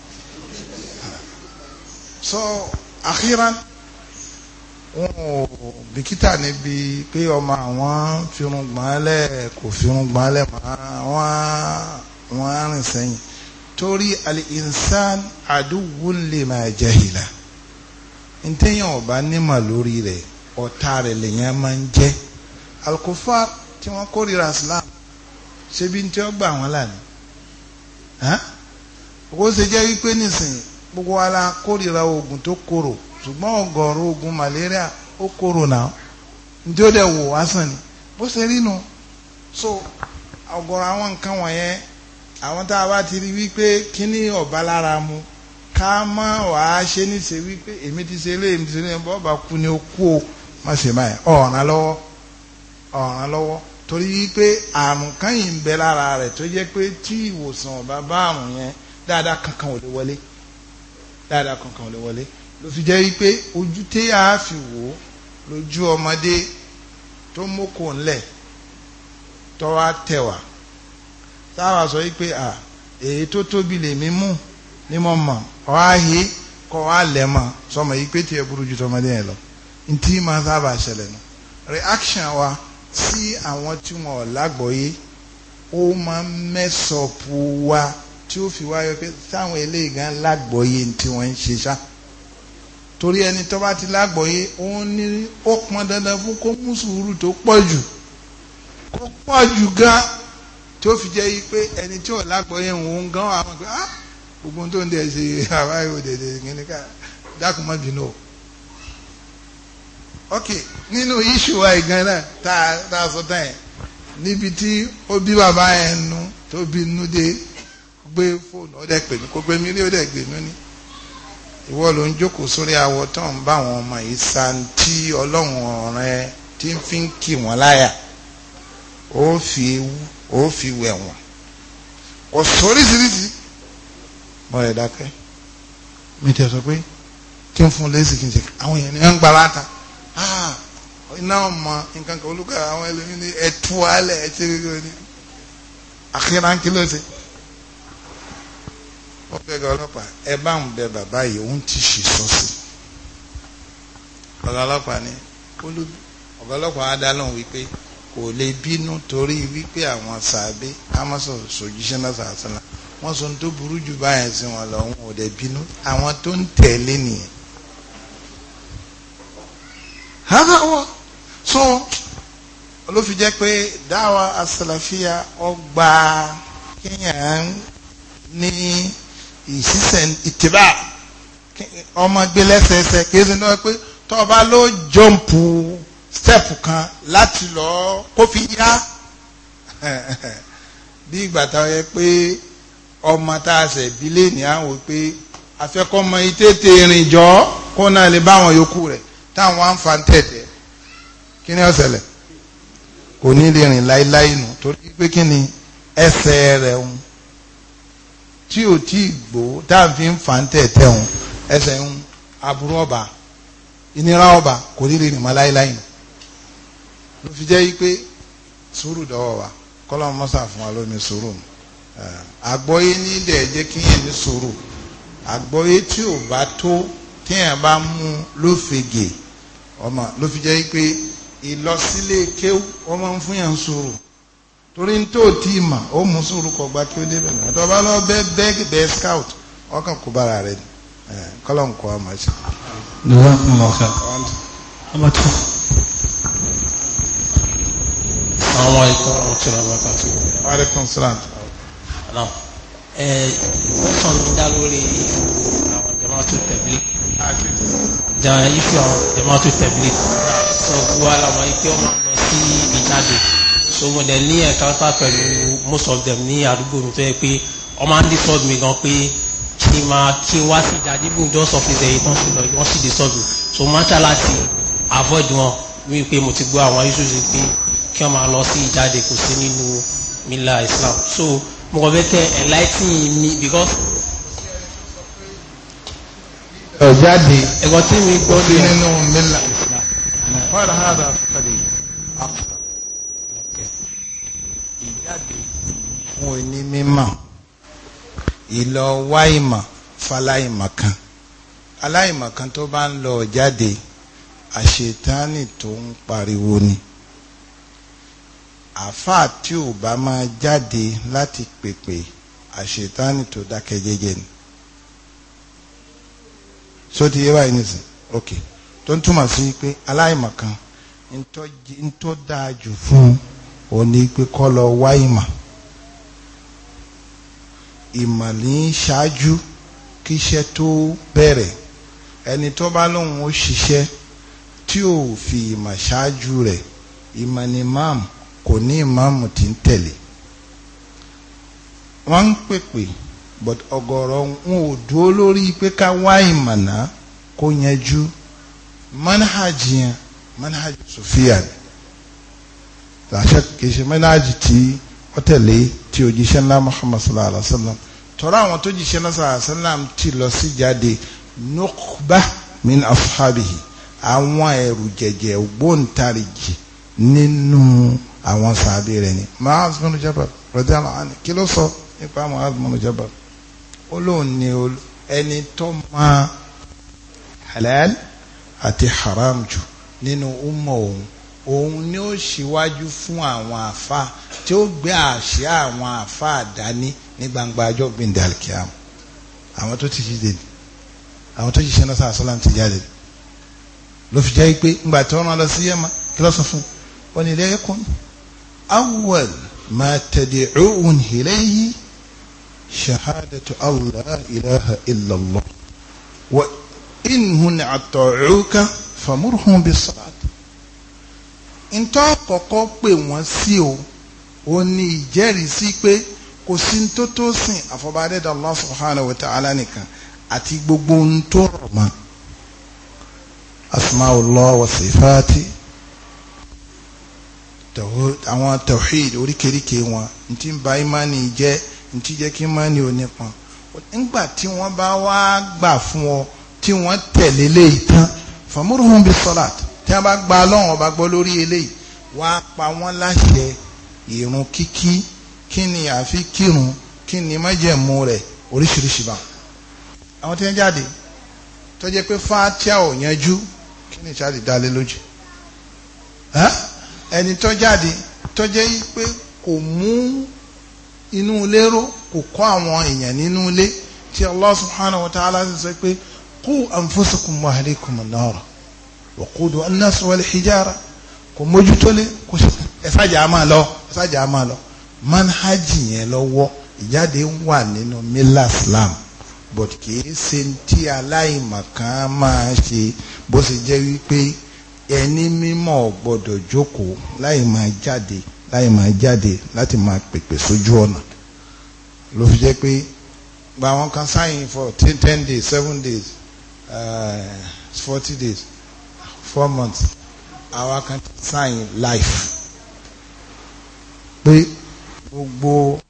so akhiran wọn ò bìkítà níbi pé ọmọ àwọn firun gbọ́nlẹ̀ kò firun gbọ́nlẹ̀ mọ́ wọ́n wọ́n rìn sẹ́yìn torí al-insan aduwwun lima jahila ntẹ́yìn ọba nímọ̀ lórí rẹ̀ ọ̀tá rẹ̀ lèyàn máa ń jẹ́ al-kufar tí wọ́n kórìíra islam ṣebí ntí ó gbà wọ́n lànà ó ṣe jẹ́ wípé nísìnyí gbogbo wa la kórìíra oògùn tó korò ṣùgbọ́n ọ̀gọ̀rọ̀ oògùn malaria ó kóró náà ní ó dẹ̀ wò wá sàn ni bó ṣe rí nu so ọ̀gọ̀rọ̀ àwọn nǹkan wọ̀nyẹn àwọn tá a bá ti rí wípé kíní ọ̀bá lára mu ká má wàá ṣe níṣe wípé èmi ti ṣe eléyìí èmi ti ṣe eléyìí bọ́ọ̀bà kú ni ó kú o má ṣe báyìí ọ̀ràn lọ́wọ́ ọ̀ràn lọ́wọ́ torí wípé àrùn kan yìí ń bẹ lára rẹ̀ tó jẹ́ pé tí ìwòsàn ọ̀bá bá àrùn yẹn dáadáa kankan ò lè wọlé dáadáa kankan ò lè wọlé ló fi jẹ́ wípé ojú tẹ́ a fi wò ó lójú ọmọdé tó mókò ńlẹ̀ tó wá tẹ̀wà táwa sọ wípé à èyí tó tóbi lèmi mú ni mo mọ̀ ọ́ yé kọ́ á lẹ̀ mọ́ sọmọ yìí pé tiẹ̀ burú ju tọmọdé yẹn lọ ntí máa sábà ṣẹlẹ̀ nù reaction wa sí àwọn tí wọn ò lágbọ́yé ó máa ń mẹ́sọ̀pù wa tí ó fi wáyọ pé táwọn eléyìí gan lágbọ́yé tí wọ́n ń ṣe ṣáà torí ẹni tó bá ti lágbọ̀ọ́yé òun ní ó pọn dandan fún kó mú sùúrù tó pọ̀ jù kó pọ̀ jù gan tí ó fi jẹ́ yí pé ẹni tí ò lágbọ̀ọ́yé òun gan wà mọ̀ pé ah gbogbo tó ń dẹ̀ ṣe àwáyé òdèdè gíníkà dákun má bínú o ok nínú iṣu wa ìgan náà tá a sọ tán yẹn níbi tí ó bí bàbá yẹn nu tó bí nu dé gbé fóònù ó dẹ̀ pè mí kó gbé mi ní ó dẹ̀ gbé mi ní ìwọ ló ń jókòó sórí awọ tó ń bá àwọn ọmọ yìí san tí ọlọ́run ọ̀ràn ẹ tí ń fi ń kì wọ́n láyà ó fi ó fi wẹ̀ wọ́n kò sóríṣiríṣi mọ ẹ̀ dákẹ́ mi tẹ̀ sọ pé kí n fún lẹ́sìn kí n ṣe àwọn èèyàn ní ẹ̀ ń gba láta ah, iná ọmọ nǹkan kan olùkọ́ àwọn ẹlẹ́mìí ní ẹ̀tú alẹ̀ ẹ̀ ṣe kékeré ní àkíyàn kí ló ṣe ọ̀gá ọlọ́pàá ẹ bá ń bẹ bàbá yìí òun ti ṣì sọ sí ọ̀gá ọlọ́pàá ni ọ̀gá ọlọ́pàá á dá lóhùn wípé kò lè bínú torí wípé àwọn sàbẹ amọ̀sọ̀ sòjíṣẹ́ náà sàásánà wọ́n sọ tó burú jù báyẹn sí wọn lọ wọn ò dẹ̀ bínú àwọn tó ń tẹ̀lé nìyẹn. hàrà wọ́n so ló fi jẹ́ pé dáwà asàlàfíà ọgbà kéèyàn ní ìṣiṣẹ́ ìtìbà ọmọ gbé lẹ́sẹẹsẹ kìí ṣe náà pé tọ́ba ló jọ̀mpù stẹ́ẹ̀pù kan láti lọ kó fi yá [LAUGHS] bí ìgbà táwọn yẹ pé ọmọ tá a ṣẹ̀ bí lè ní àwọn pé afẹ́kọ́mọ ìtètè rìn jọ kó náà lè bá àwọn yòókù rẹ̀ táwọn á tẹ̀tẹ̀ kí ni ó ṣẹlẹ̀ kò ní lè rìn láíláí nù torí pé kí ni ẹsẹ̀ rẹ̀ ń tí ò tí ì gbó tá a fi ń fà ń tẹ̀ tẹ̀ wọn ẹsẹ̀ ń aburú ọba ìnira ọba kò ní lè rìn mọ́ láéláé nù ló fi jẹ́ pé sùúrù dọ́wọ́ wa kọ́lọ́mù mọ́sà fún wa lómi sùúrù mu àgbọ́yé nílẹ̀ jẹ́ kí yẹn ní sùúrù àgbọ́yé tí ò bá tó téèyàn bá mú lófegè ọmọ ló fi jẹ́ pé ìlọsílẹ̀ kéwù ọmọ fún yẹn sùúrù torí tó tí mà ó mú sùúrù kọgbà kí ó débẹ̀ náà tọ́ba lọ bẹ́ bẹ́ bẹ́ scout ọkàn kó bára rẹ ni kọ́lọ̀ ń kọ́ ọmọ ẹ̀ṣẹ̀. lọ́wọ́ fún ọmọ ọ̀ṣẹ́ ọmọ tó. àwọn ikọ̀ ọ̀ṣẹ́ ọmọ ọ̀ṣẹ́ tó. wàhálà constant. ẹ ìwọ́sàn mi dá lórí àwọn jama tó tẹ̀lé jama ife àwọn jama tó tẹ̀lé sọ wàhálà wọn ike ọmọ lọ sí ìjáde so mo dẹ̀ ní encounter pẹ̀lú most of them ní àdúgbò mi tó yẹ pé wọ́n máa ń disturb mi gan pé kí n máa kí n wá sí ìdádìbò just office ẹ̀yìn kan sí lọ wọ́n sì disturb mi so mo máa ń ṣá láti avoid wọn wí pé mo ti gbọ́ àwọn issues pé kí wọ́n máa lọ sí ìjáde kò sí nínú mila Islam so mo kàn fẹ́ kẹ́ enlightening mi because ọ̀jáde ẹ̀kọ́ tí mi gbọ́ bí nínú mílà ìsìlá fọ́nà hádà fẹ́lẹ̀ àpò fún onímímọ̀ ìlọ wá ìmọ̀ faláìmọ̀kan aláìmọ̀kan tó bá ń lọ jáde àṣetánì tó ń pariwo ni àáfàá tí ò bá máa jáde láti pèpè àṣetánì tó dákẹ́ jẹ́jẹ́ ni so ti yé báyìí nísìn ok tó ń túmọ̀ sí pé aláìmọ̀kan ń tó dáa jù fún òní pé kọ́ lọ wá ìmọ̀ ìmọ̀lẹ́ ṣáájú kí iṣẹ́ tó bẹ̀rẹ̀ ẹni tó bá lóun ó ṣiṣẹ́ tí ò fi ìmọ̀ ṣáájú rẹ̀ ìmọ̀ ni máàmù kò ní ìmáàmù tí ń tẹ̀lé wọ́n ń pèpè but ọ̀gọ̀rọ̀ wọn ò dúró lórí pé ká wá ìmọ̀nà kó yanjú manhaji yẹn manhaji sofiya ni làṣẹ kìí ṣe manhaji tí ó tẹ̀lé ti òjíṣẹ́ ńlá muhammad sallallahu alayhi wa sallam tọ́lá àwọn tó jíṣẹ́ ńlá sallallahu alayhi wa sallam ti lọ sí jáde nukba min ashabihi àwọn ẹrù jẹjẹ ògbóǹtarìjì nínú àwọn sàbí rẹ ni Mu'adh bin Jabal radiyallahu anhu kí ló sọ nípa Mu'adh bin Jabal ó ni ẹni tó máa halal àti haram jù nínú umma òun òun ni ó ṣíwájú fún àwọn àfa tí ó gbé àṣẹ àwọn àfa àdání ní gbangba ajọ́ gbìndé alikiam àwọn tó ti jíde ni àwọn tó jíṣẹ́ náà sàásọ́lá ti jáde ni ló fi jẹ́ pé ńgbà tí wọ́n lọ sí yẹ́mà kí ló sọ fún wọn ni ilé ẹ̀kọ́ ni awwal ma tad'un ilayhi shahadatu allah ilaha illallah wa in hun ata'uka famurhum bis salat ntọ́ kọ́kọ́ pè wọ́n sí o ò ní ìjẹ́rìísí pé kò sí tó tó sìn àfọ̀bádẹ́dà Allah subhanahu wa ta'ala nìkan àti gbogbo ohun tó rọ̀ mọ́ asmaullah wa sifati àwọn tawhid oríkèéríkèé wọn ntí ń ba imani jẹ́ ntí jẹ́ kí imani ò nípọn nígbà tí wọ́n bá wá gbà fún ọ tí wọ́n tẹ̀lé léyìí tán famurhum bis salat tí wọ́n bá gba ọlọ́run ọba gbọ́ lórí eléyìí wá pa wọ́n láṣẹ ìrun kíkí kí ni àfi kírun kí ni májẹ̀mú rẹ̀ oríṣiríṣi bá àwọn tí wọ́n jáde tó jẹ́ pé fatia ò yanjú kí ni ìṣáàdì dálé lójú ẹni tó jáde tó jẹ́ pé kò mú inú ilé ró kò kọ́ àwọn èèyàn nínú ilé tí Allah subhanahu wa ta'ala sọ pé qu anfusakum wa ahlikum an-nar wọ̀kúdù an-nasu wal-hijara kò mójútólé kò ẹ̀sàjà á máa lọ ẹ̀sàjà á máa lọ manhaji yẹn lọ́wọ́ ìjáde ń wà nínú mila islam but kìí ṣe tí aláìmọ̀kan máa ṣe bó ṣe jẹ́ wípé ẹni mímọ́ gbọ́dọ̀ jókòó láì máa jáde láì máa jáde láti máa pèpè sójú ọ̀nà ló fi jẹ́ pé gba àwọn kan sáyìn for ten ten days seven days eh, forty days four months our country sign life pé gbogbo